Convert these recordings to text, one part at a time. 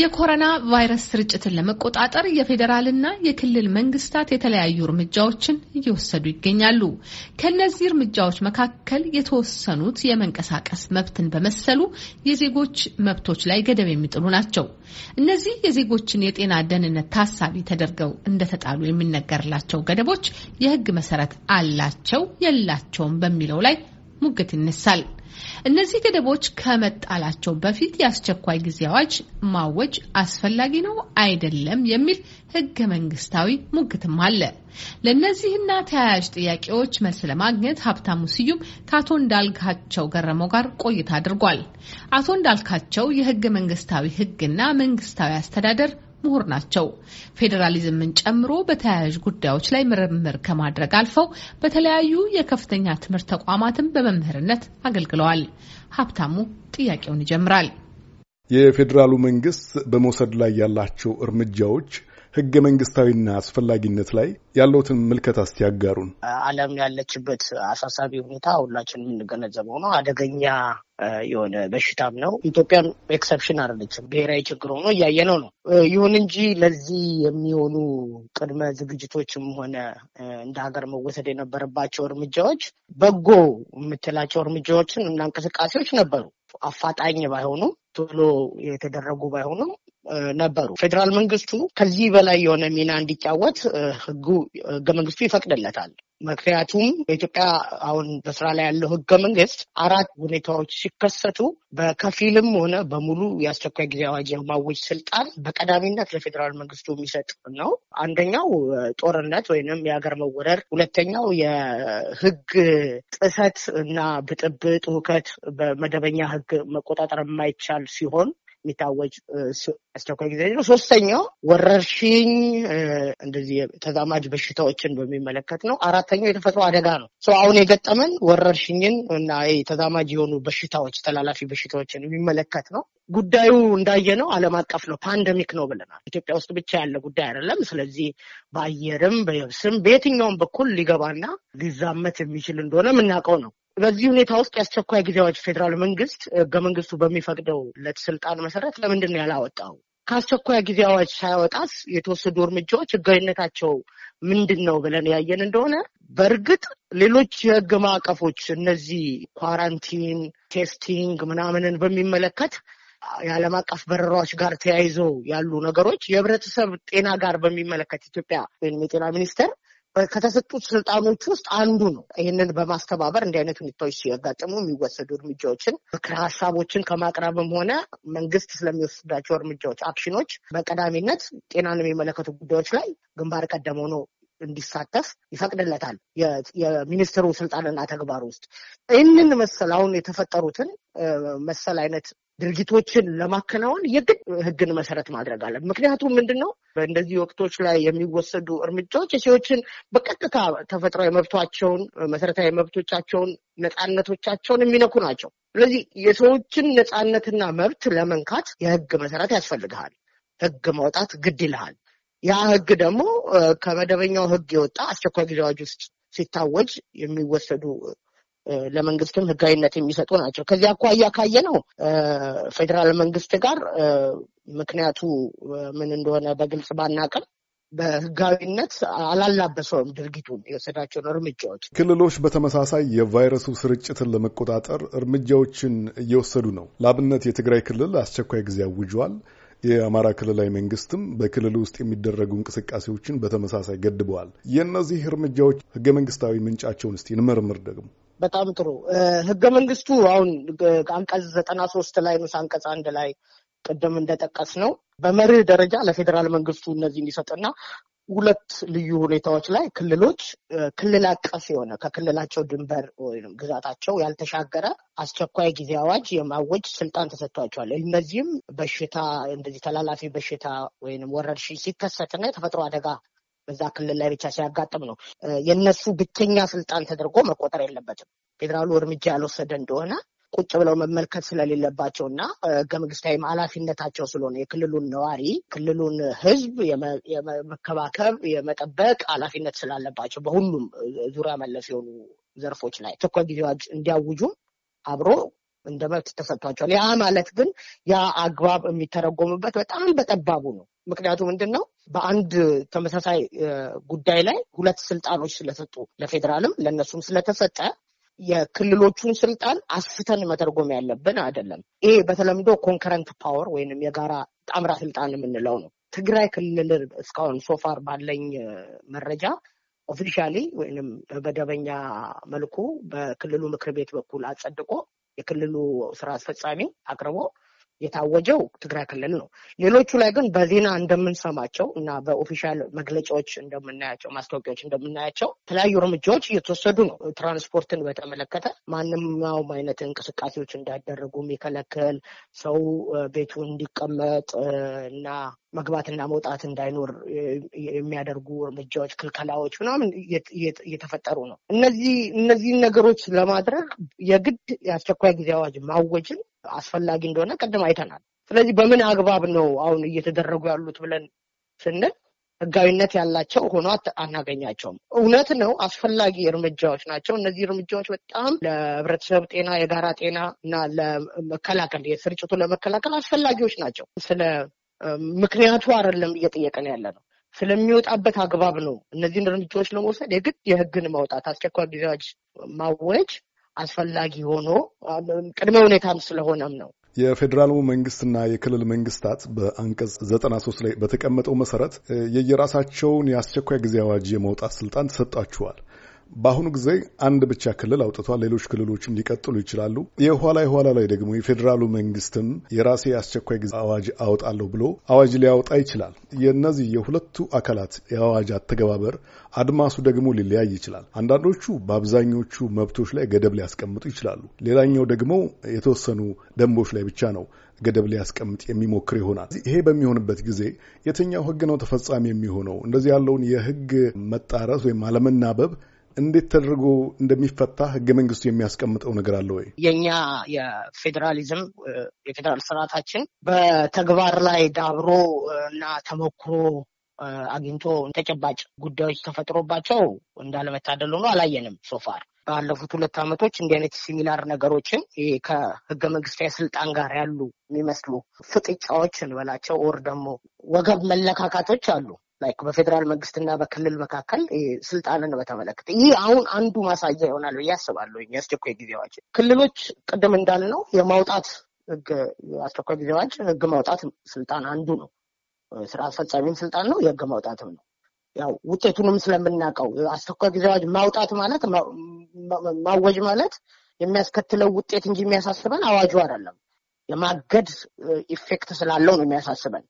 የኮሮና ቫይረስ ስርጭትን ለመቆጣጠር የፌዴራልና የክልል መንግስታት የተለያዩ እርምጃዎችን እየወሰዱ ይገኛሉ። ከእነዚህ እርምጃዎች መካከል የተወሰኑት የመንቀሳቀስ መብትን በመሰሉ የዜጎች መብቶች ላይ ገደብ የሚጥሉ ናቸው። እነዚህ የዜጎችን የጤና ደህንነት ታሳቢ ተደርገው እንደተጣሉ የሚነገርላቸው ገደቦች የህግ መሰረት አላቸው የላቸውም በሚለው ላይ ሙግት ይነሳል። እነዚህ ገደቦች ከመጣላቸው በፊት የአስቸኳይ ጊዜ አዋጅ ማወጅ አስፈላጊ ነው አይደለም የሚል ሕገ መንግስታዊ ሙግትም አለ። ለእነዚህና ተያያዥ ጥያቄዎች መልስ ለማግኘት ሀብታሙ ስዩም ከአቶ እንዳልካቸው ገረመው ጋር ቆይታ አድርጓል። አቶ እንዳልካቸው የሕገ መንግስታዊ ሕግና መንግስታዊ አስተዳደር ምሁር ናቸው። ፌዴራሊዝምን ጨምሮ በተያያዥ ጉዳዮች ላይ ምርምር ከማድረግ አልፈው በተለያዩ የከፍተኛ ትምህርት ተቋማትን በመምህርነት አገልግለዋል። ሀብታሙ ጥያቄውን ይጀምራል። የፌዴራሉ መንግስት በመውሰድ ላይ ያላቸው እርምጃዎች ህገ መንግስታዊና አስፈላጊነት ላይ ያለውትን ምልከት እስቲ ያጋሩን። ዓለም ያለችበት አሳሳቢ ሁኔታ ሁላችን የምንገነዘበው ነው። አደገኛ የሆነ በሽታም ነው። ኢትዮጵያም ኤክሰፕሽን አይደለችም። ብሔራዊ ችግር ሆኖ እያየነው ነው። ይሁን እንጂ ለዚህ የሚሆኑ ቅድመ ዝግጅቶችም ሆነ እንደ ሀገር መወሰድ የነበረባቸው እርምጃዎች በጎ የምትላቸው እርምጃዎችን እና እንቅስቃሴዎች ነበሩ። አፋጣኝ ባይሆኑም ቶሎ የተደረጉ ባይሆኑም ነበሩ። ፌዴራል መንግስቱ ከዚህ በላይ የሆነ ሚና እንዲጫወት ህጉ ህገ መንግስቱ ይፈቅድለታል። ምክንያቱም በኢትዮጵያ አሁን በስራ ላይ ያለው ህገ መንግስት አራት ሁኔታዎች ሲከሰቱ በከፊልም ሆነ በሙሉ የአስቸኳይ ጊዜ አዋጅ የማወጅ ስልጣን በቀዳሚነት ለፌዴራል መንግስቱ የሚሰጥ ነው። አንደኛው ጦርነት ወይንም የሀገር መወረር፣ ሁለተኛው የህግ ጥሰት እና ብጥብጥ፣ ውከት በመደበኛ ህግ መቆጣጠር የማይቻል ሲሆን የሚታወጅ አስቸኳይ ጊዜ ነው። ሶስተኛው ወረርሽኝ እንደዚህ ተዛማጅ በሽታዎችን በሚመለከት ነው። አራተኛው የተፈጥሮ አደጋ ነው። አሁን የገጠመን ወረርሽኝን እና ተዛማጅ የሆኑ በሽታዎች ተላላፊ በሽታዎችን የሚመለከት ነው። ጉዳዩ እንዳየ ነው ዓለም አቀፍ ነው ፓንደሚክ ነው ብለናል። ኢትዮጵያ ውስጥ ብቻ ያለ ጉዳይ አይደለም። ስለዚህ በአየርም በየብስም በየትኛውም በኩል ሊገባና ሊዛመት የሚችል እንደሆነ የምናውቀው ነው። በዚህ ሁኔታ ውስጥ የአስቸኳይ ጊዜ አዋጅ ፌዴራል መንግስት ህገ መንግስቱ በሚፈቅደው ለት ስልጣን መሰረት ለምንድን ነው ያላወጣው? ከአስቸኳይ ጊዜ አዋጅ ሳያወጣስ የተወሰዱ እርምጃዎች ህጋዊነታቸው ምንድን ነው ብለን ያየን እንደሆነ በእርግጥ ሌሎች የህግ ማዕቀፎች እነዚህ ኳራንቲን፣ ቴስቲንግ ምናምንን በሚመለከት የዓለም አቀፍ በረራዎች ጋር ተያይዘው ያሉ ነገሮች የህብረተሰብ ጤና ጋር በሚመለከት ኢትዮጵያ ወይም የጤና ሚኒስቴር ከተሰጡት ስልጣኖች ውስጥ አንዱ ነው። ይህንን በማስተባበር እንዲህ አይነት ሁኔታዎች ሲያጋጥሙ የሚወሰዱ እርምጃዎችን ምክረ ሀሳቦችን ከማቅረብም ሆነ መንግስት ስለሚወስዳቸው እርምጃዎች፣ አክሽኖች በቀዳሚነት ጤናን የሚመለከቱ ጉዳዮች ላይ ግንባር ቀደም ሆኖ እንዲሳተፍ ይፈቅድለታል የሚኒስትሩ ስልጣንና ተግባር ውስጥ ይህንን መሰል አሁን የተፈጠሩትን መሰል አይነት ድርጊቶችን ለማከናወን የግድ ህግን መሰረት ማድረግ አለ። ምክንያቱም ምንድን ነው በእንደዚህ ወቅቶች ላይ የሚወሰዱ እርምጃዎች የሰዎችን በቀጥታ ተፈጥሯዊ መብቷቸውን፣ መሰረታዊ መብቶቻቸውን፣ ነፃነቶቻቸውን የሚነኩ ናቸው። ስለዚህ የሰዎችን ነፃነትና መብት ለመንካት የህግ መሰረት ያስፈልግሃል። ህግ ማውጣት ግድ ይልሃል። ያ ህግ ደግሞ ከመደበኛው ህግ የወጣ አስቸኳይ ጊዜ አዋጅ ውስጥ ሲታወጅ የሚወሰዱ ለመንግስትም ህጋዊነት የሚሰጡ ናቸው። ከዚህ አኳያ ካየ ነው ፌዴራል መንግስት ጋር ምክንያቱ ምን እንደሆነ በግልጽ ባናቅም በህጋዊነት አላላበሰውም ድርጊቱን የወሰዳቸውን እርምጃዎች። ክልሎች በተመሳሳይ የቫይረሱ ስርጭትን ለመቆጣጠር እርምጃዎችን እየወሰዱ ነው። ለአብነት የትግራይ ክልል አስቸኳይ ጊዜ አውጇል። የአማራ ክልላዊ መንግስትም በክልሉ ውስጥ የሚደረጉ እንቅስቃሴዎችን በተመሳሳይ ገድበዋል። የእነዚህ እርምጃዎች ህገ መንግስታዊ ምንጫቸውን እስቲ እንመርምር ደግሞ በጣም ጥሩ። ህገ መንግስቱ አሁን አንቀጽ ዘጠና ሶስት ላይ ንዑስ አንቀጽ አንድ ላይ ቅድም እንደጠቀስ ነው በመርህ ደረጃ ለፌዴራል መንግስቱ እነዚህ እንዲሰጥና ሁለት ልዩ ሁኔታዎች ላይ ክልሎች ክልል አቀፍ የሆነ ከክልላቸው ድንበር ወይም ግዛታቸው ያልተሻገረ አስቸኳይ ጊዜ አዋጅ የማወጅ ስልጣን ተሰጥቷቸዋል። እነዚህም በሽታ እንደዚህ ተላላፊ በሽታ ወይም ወረርሽኝ ሲከሰትና የተፈጥሮ አደጋ በዛ ክልል ላይ ብቻ ሲያጋጥም ነው። የነሱ ብቸኛ ስልጣን ተደርጎ መቆጠር የለበትም። ፌዴራሉ እርምጃ ያልወሰደ እንደሆነ ቁጭ ብለው መመልከት ስለሌለባቸውና ህገ መንግስታዊም ኃላፊነታቸው ስለሆነ የክልሉን ነዋሪ ክልሉን ህዝብ የመከባከብ የመጠበቅ ኃላፊነት ስላለባቸው በሁሉም ዙሪያ መለስ የሆኑ ዘርፎች ላይ አስቸኳይ ጊዜ አዋጅ እንዲያውጁ አብሮ እንደ መብት ተሰጥቷቸዋል። ያ ማለት ግን ያ አግባብ የሚተረጎምበት በጣም በጠባቡ ነው። ምክንያቱ ምንድን ነው? በአንድ ተመሳሳይ ጉዳይ ላይ ሁለት ስልጣኖች ስለሰጡ ለፌዴራልም ለእነሱም ስለተሰጠ የክልሎቹን ስልጣን አስፍተን መተርጎም ያለብን አይደለም። ይሄ በተለምዶ ኮንከረንት ፓወር ወይንም የጋራ ጣምራ ስልጣን የምንለው ነው። ትግራይ ክልል እስካሁን ሶፋር ባለኝ መረጃ ኦፊሻሊ ወይንም በመደበኛ መልኩ በክልሉ ምክር ቤት በኩል አጸድቆ የክልሉ ስራ አስፈጻሚ አቅርቦ የታወጀው ትግራይ ክልል ነው። ሌሎቹ ላይ ግን በዜና እንደምንሰማቸው እና በኦፊሻል መግለጫዎች እንደምናያቸው፣ ማስታወቂያዎች እንደምናያቸው የተለያዩ እርምጃዎች እየተወሰዱ ነው። ትራንስፖርትን በተመለከተ ማንኛውም አይነት እንቅስቃሴዎች እንዳይደረጉ የሚከለክል ሰው ቤቱ እንዲቀመጥ እና መግባትና መውጣት እንዳይኖር የሚያደርጉ እርምጃዎች፣ ክልከላዎች ምናምን እየተፈጠሩ ነው። እነዚህ እነዚህን ነገሮች ለማድረግ የግድ የአስቸኳይ ጊዜ አዋጅ ማወጅን አስፈላጊ እንደሆነ ቅድም አይተናል። ስለዚህ በምን አግባብ ነው አሁን እየተደረጉ ያሉት ብለን ስንል ህጋዊነት ያላቸው ሆኖ አናገኛቸውም። እውነት ነው አስፈላጊ እርምጃዎች ናቸው። እነዚህ እርምጃዎች በጣም ለህብረተሰብ ጤና፣ የጋራ ጤና እና ለመከላከል የስርጭቱ ለመከላከል አስፈላጊዎች ናቸው። ስለ ምክንያቱ አይደለም እየጠየቀን ያለ ነው። ስለሚወጣበት አግባብ ነው እነዚህን እርምጃዎች ለመውሰድ የግድ የህግን ማውጣት አስቸኳይ ጊዜዎች ማወጅ አስፈላጊ ሆኖ ቅድመ ሁኔታም ስለሆነም ነው። የፌዴራሉ መንግስትና የክልል መንግስታት በአንቀጽ 93 ላይ በተቀመጠው መሰረት የየራሳቸውን የአስቸኳይ ጊዜ አዋጅ የመውጣት ስልጣን ተሰጧችኋል። በአሁኑ ጊዜ አንድ ብቻ ክልል አውጥቷል። ሌሎች ክልሎችም ሊቀጥሉ ይችላሉ። የኋላ የኋላ ላይ ደግሞ የፌዴራሉ መንግስትም የራሴ አስቸኳይ ጊዜ አዋጅ አወጣለሁ ብሎ አዋጅ ሊያወጣ ይችላል። የእነዚህ የሁለቱ አካላት የአዋጅ አተገባበር አድማሱ ደግሞ ሊለያይ ይችላል። አንዳንዶቹ በአብዛኞቹ መብቶች ላይ ገደብ ሊያስቀምጡ ይችላሉ። ሌላኛው ደግሞ የተወሰኑ ደንቦች ላይ ብቻ ነው ገደብ ሊያስቀምጥ የሚሞክር ይሆናል። ይሄ በሚሆንበት ጊዜ የትኛው ህግ ነው ተፈጻሚ የሚሆነው? እንደዚህ ያለውን የህግ መጣረስ ወይም አለመናበብ እንዴት ተደርጎ እንደሚፈታ ህገ መንግስቱ የሚያስቀምጠው ነገር አለ ወይ? የእኛ የፌዴራሊዝም የፌዴራል ስርዓታችን በተግባር ላይ ዳብሮ እና ተሞክሮ አግኝቶ ተጨባጭ ጉዳዮች ተፈጥሮባቸው እንዳለመታደል ሆኖ አላየንም ሶፋር ባለፉት ሁለት ዓመቶች እንዲህ አይነት ሲሚላር ነገሮችን ይሄ ከህገ መንግስታዊ ስልጣን ጋር ያሉ የሚመስሉ ፍጥጫዎች እንበላቸው፣ ኦር ደግሞ ወገብ መለካካቶች አሉ። ላይክ በፌዴራል መንግስትና በክልል መካከል ስልጣንን በተመለከተ ይህ አሁን አንዱ ማሳያ ይሆናል ብዬ አስባለሁ። የአስቸኳይ ጊዜ አዋጅ ክልሎች ቅድም እንዳልነው የማውጣት ህግ የአስቸኳይ ጊዜ አዋጅ ህግ ማውጣት ስልጣን አንዱ ነው። ስራ አስፈጻሚም ስልጣን ነው፣ የህግ ማውጣትም ነው። ያው ውጤቱንም ስለምናውቀው አስቸኳይ ጊዜ አዋጅ ማውጣት ማለት ማወጅ ማለት የሚያስከትለው ውጤት እንጂ የሚያሳስበን አዋጁ አይደለም። የማገድ ኢፌክት ስላለው ነው የሚያሳስበን።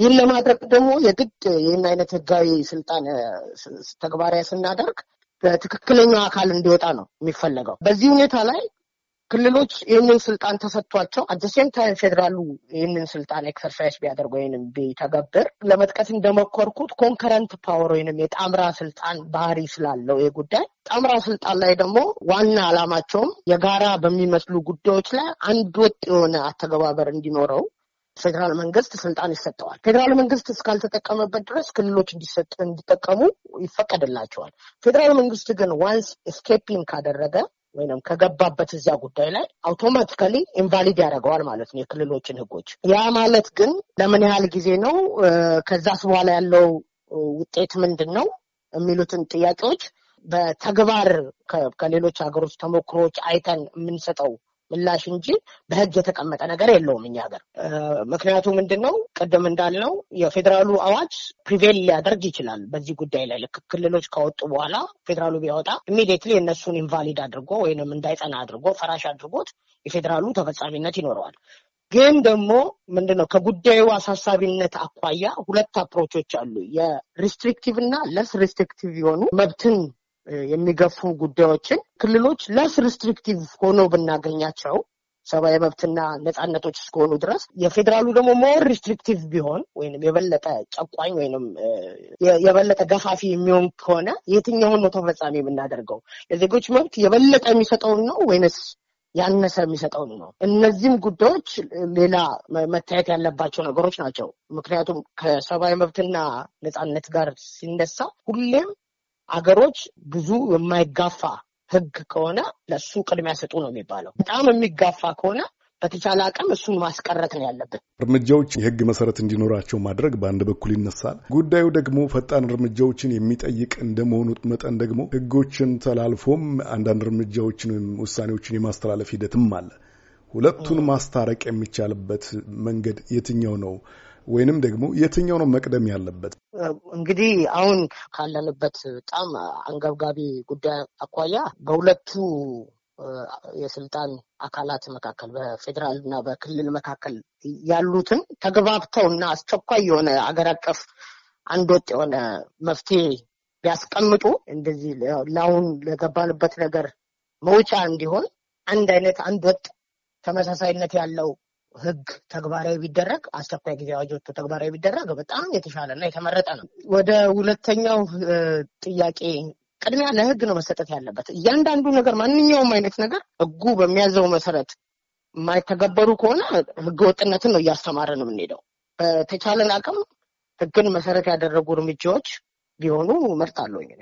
ይህን ለማድረግ ደግሞ የግድ ይህን አይነት ህጋዊ ስልጣን ተግባራዊ ስናደርግ በትክክለኛው አካል እንዲወጣ ነው የሚፈለገው። በዚህ ሁኔታ ላይ ክልሎች ይህንን ስልጣን ተሰጥቷቸው አደሴም ታይም ፌዴራሉ ይህንን ስልጣን ኤክሰርሳይዝ ቢያደርግ ወይንም ቢተገብር ለመጥቀስ እንደሞከርኩት ኮንከረንት ፓወር ወይንም የጣምራ ስልጣን ባህሪ ስላለው ይህ ጉዳይ ጣምራ ስልጣን ላይ ደግሞ ዋና አላማቸውም የጋራ በሚመስሉ ጉዳዮች ላይ አንድ ወጥ የሆነ አተገባበር እንዲኖረው ፌዴራል መንግስት ስልጣን ይሰጠዋል። ፌዴራል መንግስት እስካልተጠቀመበት ድረስ ክልሎች እንዲጠቀሙ ይፈቀድላቸዋል። ፌዴራል መንግስት ግን ዋንስ ስኬፒንግ ካደረገ ወይም ከገባበት እዚያ ጉዳይ ላይ አውቶማቲካሊ ኢንቫሊድ ያደርገዋል ማለት ነው የክልሎችን ህጎች። ያ ማለት ግን ለምን ያህል ጊዜ ነው፣ ከዛስ በኋላ ያለው ውጤት ምንድን ነው የሚሉትን ጥያቄዎች በተግባር ከሌሎች ሀገሮች ተሞክሮዎች አይተን የምንሰጠው ምላሽ እንጂ በህግ የተቀመጠ ነገር የለውም እኛ ሀገር። ምክንያቱ ምንድን ነው? ቅድም እንዳልነው የፌዴራሉ አዋጅ ፕሪቬል ሊያደርግ ይችላል በዚህ ጉዳይ ላይ ልክ ክልሎች ካወጡ በኋላ ፌዴራሉ ቢያወጣ ኢሚዲየትሊ የእነሱን ኢንቫሊድ አድርጎ ወይንም እንዳይጸና አድርጎ ፈራሽ አድርጎት የፌዴራሉ ተፈጻሚነት ይኖረዋል። ግን ደግሞ ምንድን ነው ከጉዳዩ አሳሳቢነት አኳያ ሁለት አፕሮቾች አሉ። የሪስትሪክቲቭ እና ለስ ሪስትሪክቲቭ የሆኑ መብትን የሚገፉ ጉዳዮችን ክልሎች ለስ ሪስትሪክቲቭ ሆነው ብናገኛቸው ሰብአዊ መብትና ነጻነቶች እስከሆኑ ድረስ የፌዴራሉ ደግሞ ሞር ሪስትሪክቲቭ ቢሆን ወይም የበለጠ ጨቋኝ ወይም የበለጠ ገፋፊ የሚሆን ከሆነ የትኛውን ነው ተፈጻሚ የምናደርገው? ለዜጎች መብት የበለጠ የሚሰጠውን ነው ወይንስ ያነሰ የሚሰጠውን ነው? እነዚህም ጉዳዮች ሌላ መታየት ያለባቸው ነገሮች ናቸው። ምክንያቱም ከሰብአዊ መብትና ነጻነት ጋር ሲነሳ ሁሌም አገሮች ብዙ የማይጋፋ ህግ ከሆነ ለሱ ቅድሚያ ስጡ ነው የሚባለው። በጣም የሚጋፋ ከሆነ በተቻለ አቅም እሱን ማስቀረት ነው ያለብን። እርምጃዎች የህግ መሰረት እንዲኖራቸው ማድረግ በአንድ በኩል ይነሳል። ጉዳዩ ደግሞ ፈጣን እርምጃዎችን የሚጠይቅ እንደመሆኑ መጠን ደግሞ ህጎችን ተላልፎም አንዳንድ እርምጃዎችን ወይም ውሳኔዎችን የማስተላለፍ ሂደትም አለ። ሁለቱን ማስታረቅ የሚቻልበት መንገድ የትኛው ነው? ወይንም ደግሞ የትኛው ነው መቅደም ያለበት? እንግዲህ አሁን ካለንበት በጣም አንገብጋቢ ጉዳይ አኳያ በሁለቱ የስልጣን አካላት መካከል በፌዴራል እና በክልል መካከል ያሉትን ተግባብተው እና አስቸኳይ የሆነ አገር አቀፍ አንድ ወጥ የሆነ መፍትሄ ቢያስቀምጡ እንደዚህ ለአሁን ለገባንበት ነገር መውጫ እንዲሆን አንድ አይነት አንድ ወጥ ተመሳሳይነት ያለው ህግ ተግባራዊ ቢደረግ አስቸኳይ ጊዜ አዋጆቹ ተግባራዊ ቢደረግ በጣም የተሻለና የተመረጠ ነው። ወደ ሁለተኛው ጥያቄ ቅድሚያ ለህግ ነው መሰጠት ያለበት። እያንዳንዱ ነገር ማንኛውም አይነት ነገር ህጉ በሚያዘው መሰረት የማይተገበሩ ከሆነ ህገ ወጥነትን ነው ነው የምንሄደው። በተቻለን አቅም ህግን መሰረት ያደረጉ እርምጃዎች ቢሆኑ እመርጣለሁ።